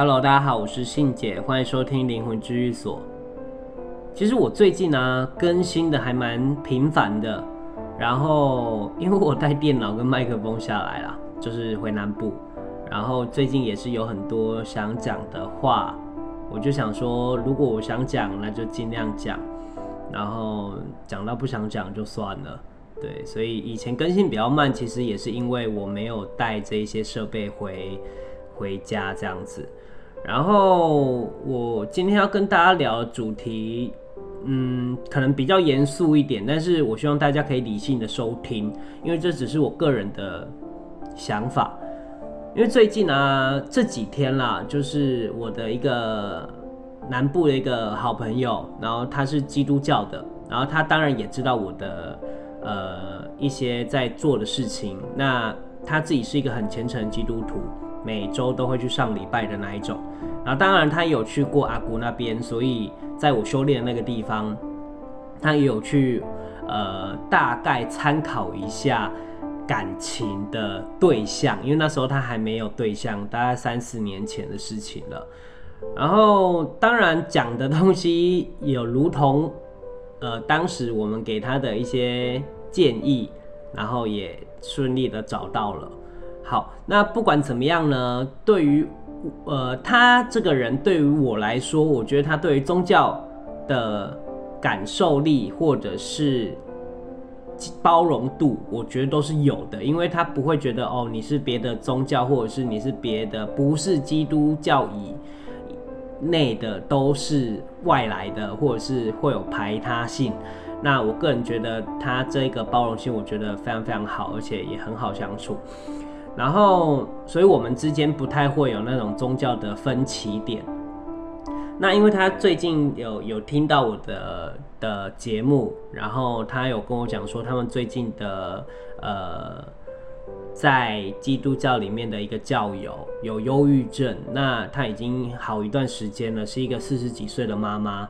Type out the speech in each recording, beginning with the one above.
Hello，大家好，我是信姐，歡迎收聽靈魂治癒所。其實我最近呢，啊，更新的還蠻頻繁的，然後因為我帶電腦跟麥克風下來了，就是回南部，然後最近也是有很多想講的話，我就想說，如果我想講，那就盡量講，然後講到不想講就算了，對。所以以前更新比較慢，其實也是因為我沒有帶這些設備回。回家這樣子，然後我今天要跟大家聊的主題，嗯，可能比較嚴肅一點，但是我希望大家可以理性的收聽，因為這只是我個人的想法。因為最近啊，這幾天啦，就是我的一個南部的一個好朋友，然後他是基督教的，然後他當然也知道我的呃一些在做的事情，那他自己是一個很虔誠的基督徒。每週都會去上禮拜的那一種，然後當然他有去過阿姑那邊，所以在我修煉的那個地方，他有去，呃，大概參考一下感情的對象，因為那時候他還沒有對象，大概三四年前的事情了。然後當然講的東西有如同，呃，當時我們給他的一些建議，然後也順利的找到了。好，那不管怎麼樣呢？對於呃，他這個人對於我來說，我覺得他對於宗教的感受力或者是包容度，我覺得都是有的，因為他不會覺得哦，你是別的宗教，或者是你是別的不是基督教以內的都是外來的，或者是會有排他性。那我個人覺得他這個包容性，我覺得非常非常好，而且也很好相處。然後，所以我們之間不太會有那種宗教的分歧點。那因為他最近有有聽到我的的節目，然後他有跟我講說，他們最近的呃，在基督教裡面的一個教友有憂鬱症。那他已經好一段時間了，是一個四十幾歲的媽媽。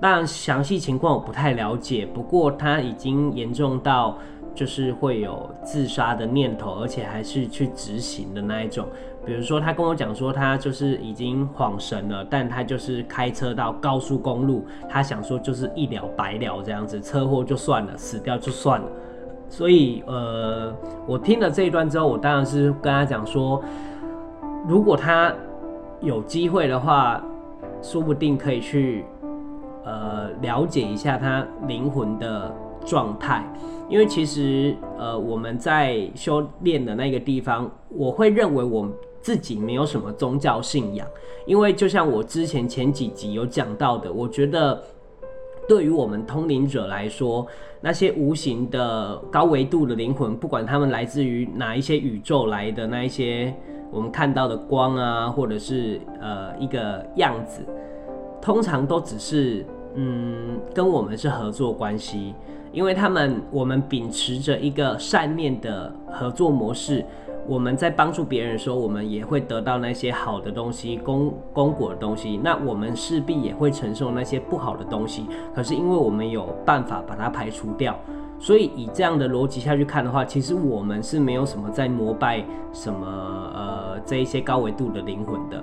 但詳細情況我不太了解，不過他已經嚴重到。就是會有自殺的念頭，而且還是去執行的那一種。比如說，他跟我講說，他就是已經恍神了，但他就是開車到高速公路，他想說就是一了百了這樣子，車禍就算了，死掉就算了。所以，呃，我聽了這一段之後，我當然是跟他講說，如果他有機會的話，說不定可以去，呃，了解一下他靈魂的狀態，因為其實呃，我們在修煉的那個地方，我會認為我自己沒有什麼宗教信仰，因為就像我之前前幾集有講到的，我覺得對於我們通靈者來說，那些無形的高維度的靈魂，不管他們來自於哪一些宇宙來的那一些我們看到的光啊，或者是呃一個樣子，通常都只是嗯，跟我們是合作關係。因為他們，我們秉持着一個善念的合作模式，我們在幫助別人的時候，我們也會得到那些好的東西，功功果的東西。那我們勢必也會承受那些不好的東西。可是，因為我們有辦法把它排除掉，所以以這樣的邏輯下去看的話，其實我們是沒有什麼在膜拜什麼呃這一些高維度的靈魂的，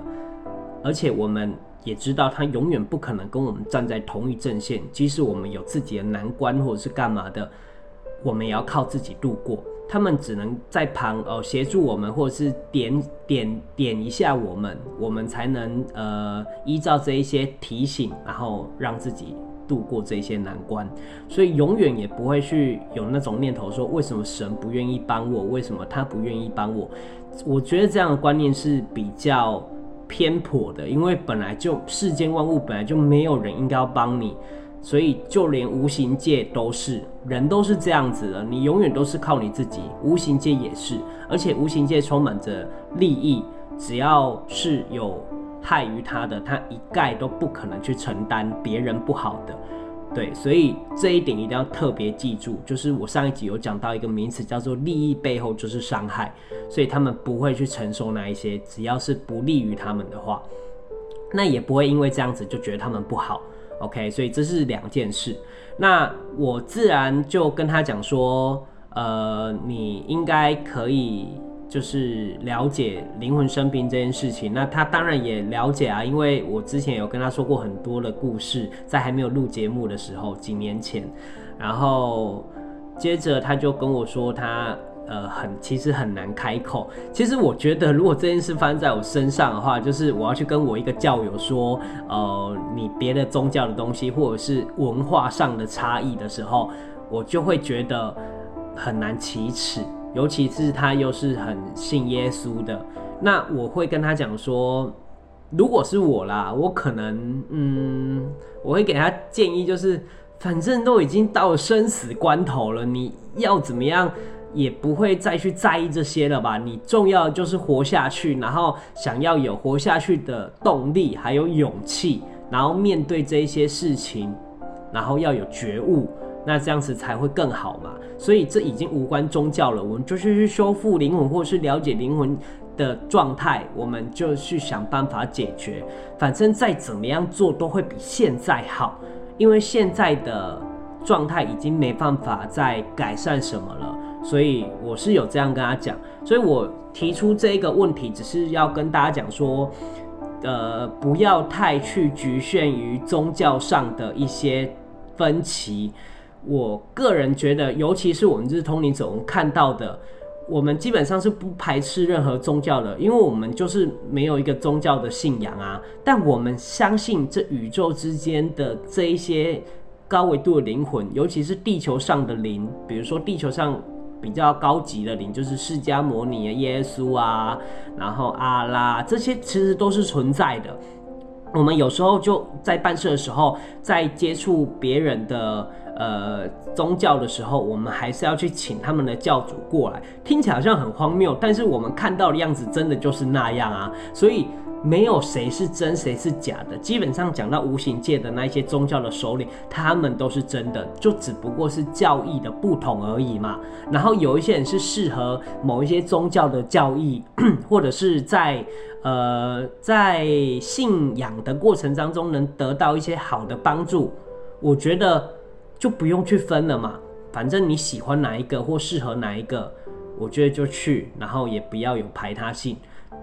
而且我們。也知道他永遠不可能跟我們站在同一陣線。即使我們有自己的難關或者是幹嘛的，我們也要靠自己度過。他們只能在旁哦協助我們，或者是點點點一下我們，我們才能呃依照這一些提醒，然後讓自己度過這些難關。所以永遠也不會去有那種念頭說：為什麼神不願意幫我？為什麼他不願意幫我？我覺得這樣的觀念是比較。偏頗的，因為本來就世間萬物本來就沒有人應該要幫你，所以就連無形界都是，人都是這樣子的，你永遠都是靠你自己，無形界也是，而且無形界充滿着利益，只要是有害於他的，他一概都不可能去承擔別人不好的。對，所以這一點一定要特別記住，就是我上一集有講到一個名詞，叫做利益背後就是傷害，所以他們不會去承受那一些，只要是不利於他們的話，那也不會因為這樣子就覺得他們不好，OK，所以這是兩件事，那我自然就跟他講說，呃，你應該可以。就是了解靈魂生病這件事情，那他當然也了解啊，因為我之前有跟他說過很多的故事，在還沒有錄節目的時候，幾年前，然後接着他就跟我說他，他呃很其實很難開口。其實我覺得，如果這件事發生在我身上的話，就是我要去跟我一個教友說，呃，你別的宗教的東西或者是文化上的差異的時候，我就會覺得很難啟齒。尤其是他又是很信耶穌的，那我會跟他講說，如果是我啦，我可能，嗯，我會給他建議，就是反正都已經到了生死關頭了，你要怎麼樣也不會再去在意這些了吧？你重要就是活下去，然後想要有活下去的動力，還有勇氣，然後面對這些事情，然後要有覺悟。那這樣子才會更好嘛，所以這已經無關宗教了。我們就是去修復靈魂，或是了解靈魂的狀態，我們就去想辦法解決。反正再怎麼樣做都會比現在好，因為現在的狀態已經沒辦法再改善什麼了。所以我是有這樣跟他講，所以我提出這一個問題，只是要跟大家講說，呃，不要太去局限於宗教上的一些分歧。我個人覺得，尤其是我們這是通靈者，我們看到的，我們基本上是不排斥任何宗教的，因為我們就是沒有一個宗教的信仰啊。但我們相信這宇宙之間的這一些高維度的靈魂，尤其是地球上的靈，比如說地球上比較高級的靈，就是釋迦牟尼、耶穌啊，然後阿拉，這些其實都是存在的。我們有時候就在辦事的時候，在接觸別人的呃宗教的時候，我們還是要去請他們的教主過來。聽起來好像很荒謬，但是我們看到的樣子真的就是那樣啊，所以。沒有誰是真，誰是假的。基本上講到無形界的那些宗教的首領，他們都是真的，就只不過是教義的不同而已嘛。然後有一些人是適合某一些宗教的教義，或者是在呃，在信仰的過程當中能得到一些好的幫助。我覺得就不用去分了嘛，反正你喜歡哪一個或適合哪一個，我覺得就去，然後也不要有排他性。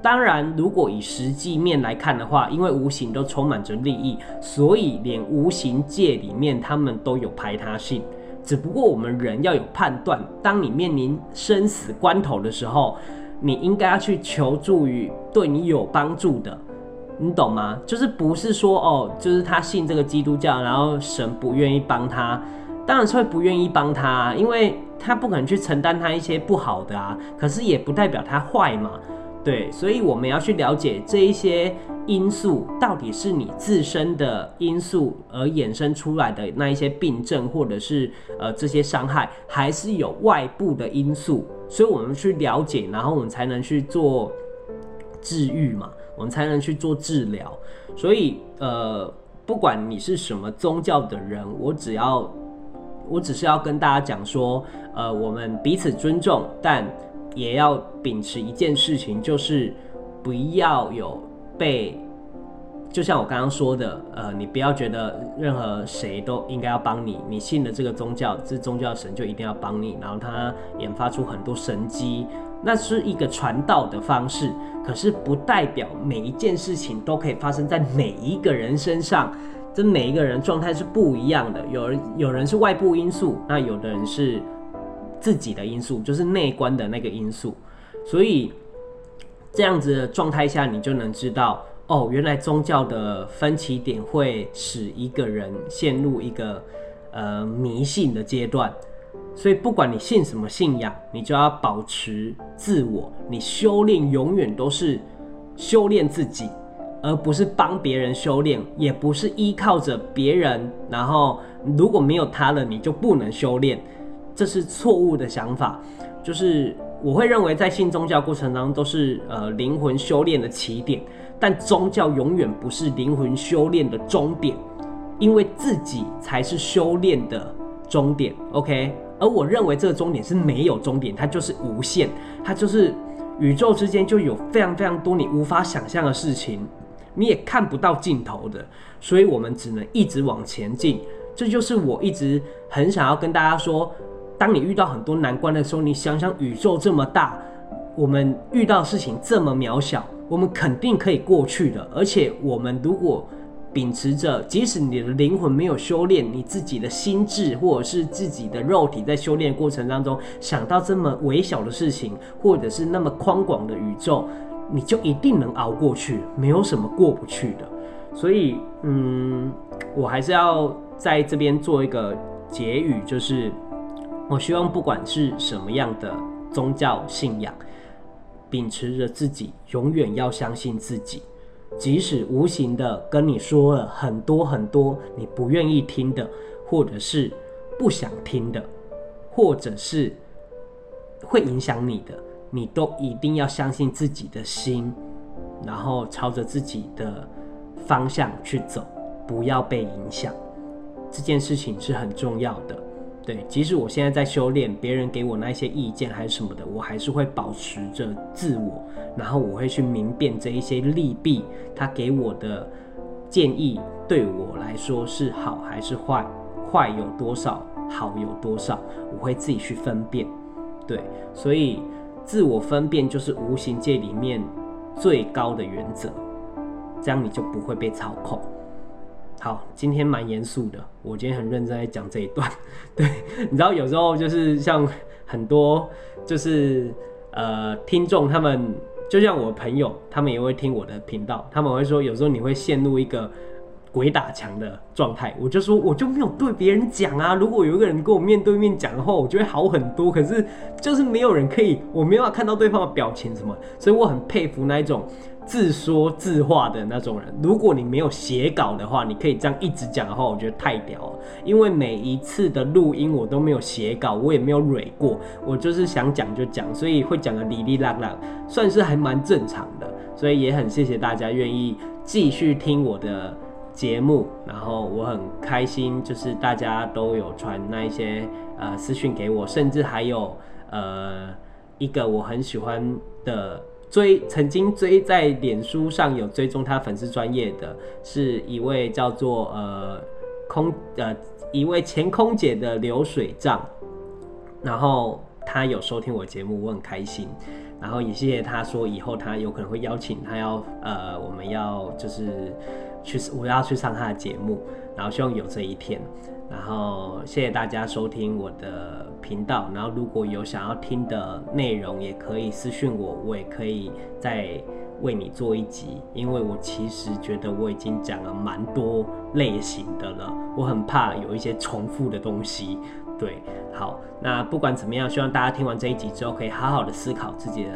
當然，如果以實際面來看的話，因為無形都充滿着利益，所以連無形界裡面他們都有排他性。只不過我們人要有判斷，當你面臨生死關頭的時候，你應該要去求助於對你有幫助的，你懂嗎？就是不是說哦，就是他信這個基督教，然後神不願意幫他，當然是會不願意幫他，因為他不肯去承擔他一些不好的啊。可是也不代表他壞嘛。對，所以我們要去了解這一些因素到底是你自身的因素而衍生出來的那一些病症，或者是呃這些傷害，還是有外部的因素。所以我們去了解，然後我們才能去做治癒嘛，我們才能去做治療。所以呃，不管你是什麼宗教的人，我只要我只是要跟大家講說，呃，我們彼此尊重，但也要秉持一件事情，就是不要有被，就像我剛剛說的，呃，你不要覺得任何誰都應該要幫你。你信了這個宗教，這宗教神就一定要幫你，然後他研發出很多神蹟。那是一個傳道的方式，可是不代表每一件事情都可以發生在每一個人身上。這每一個人狀態是不一樣的，有人，有人是外部因素，那有的人是。自己的因素就是內觀的那個因素，所以這樣子的狀態下，你就能知道哦，原來宗教的分歧點會使一個人陷入一個呃迷信的階段。所以不管你信什麼信仰，你就要保持自我。你修煉永遠都是修煉自己，而不是幫別人修煉，也不是依靠着別人。然後如果沒有他了，你就不能修煉。這是錯誤的想法，就是我會認為在信宗教過程當中都是呃靈魂修煉的起點，但宗教永遠不是靈魂修煉的終點，因為自己才是修煉的終點。OK，而我認為這個終點是沒有終點，它就是無限，它就是宇宙之間就有非常非常多你無法想象的事情，你也看不到盡頭的，所以我們只能一直往前進。這就是我一直很想要跟大家說。當你遇到很多難關的時候，你想想宇宙這麼大，我們遇到事情這麼渺小，我們肯定可以過去的。而且我們如果秉持着，即使你的靈魂沒有修煉，你自己的心智或者是自己的肉體在修煉的過程當中，想到這麼微小的事情，或者是那麼寬廣的宇宙，你就一定能熬過去，沒有什麼過不去的。所以，嗯，我還是要在這邊做一個結語，就是。我希望不管是什麼樣的宗教信仰，秉持着自己永遠要相信自己，即使無形的跟你說了很多很多你不願意聽的，或者是不想聽的，或者是會影響你的，你都一定要相信自己的心，然後朝着自己的方向去走，不要被影響。這件事情是很重要的。對，即使我現在在修煉，別人給我那些意見還是什麼的，我還是會保持着自我，然後我會去明辨這一些利弊，他給我的建議對我來說是好還是壞，壞有多少，好有多少，我會自己去分辨。對，所以自我分辨就是無形界裡面最高的原則，這樣你就不會被操控。好，今天蠻嚴肅的，我今天很認真在講這一段。對，你知道有時候就是像很多就是呃聽眾，他們就像我朋友，他們也會聽我的頻道，他們會說，有時候你會陷入一個鬼打牆的狀態，我就說我就沒有對別人講啊！如果有一個人跟我面對面講的話，我就會好很多。可是就是沒有人可以，我沒法看到對方的表情什麼，所以我很佩服那一種自說自話的那種人。如果你沒有寫稿的話，你可以這樣一直講的話，我覺得太屌了。因為每一次的錄音我都沒有寫稿，我也沒有蕊過，我就是想講就講，所以會講的裡裡浪浪，算是還蠻正常的。所以也很謝謝大家願意繼續聽我的節目，然後我很開心，就是大家都有傳那一些呃私訊給我，甚至還有呃一個我很喜歡的追，曾經追在臉書上有追蹤他粉絲專頁的，是一位叫做呃空呃一位前空姐的流水賬，然後他有收聽我節目，我很開心，然後也謝謝他說以後他有可能會邀請他要呃我們要就是。去我要去上他的節目，然後希望有這一天。然後謝謝大家收聽我的頻道。然後如果有想要聽的內容，也可以私訊我，我也可以再為你做一集。因為我其實覺得我已經講了蠻多類型的了，我很怕有一些重複的東西。對，好，那不管怎麼樣，希望大家聽完這一集之後，可以好好的思考自己的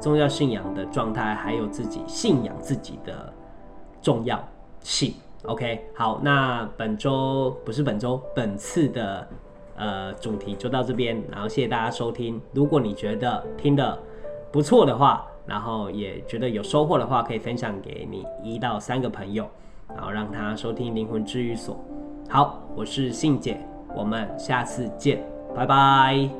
宗教信仰的狀態，還有自己信仰自己的。重要性，OK，好，那本周不是本周，本次的呃主題就到這邊，然後謝謝大家收聽。如果你覺得聽得不錯的話，然後也覺得有收穫的話，可以分享給你一到三個朋友，然後讓他收聽靈魂治癒所。好，我是信姐，我們下次見，拜拜。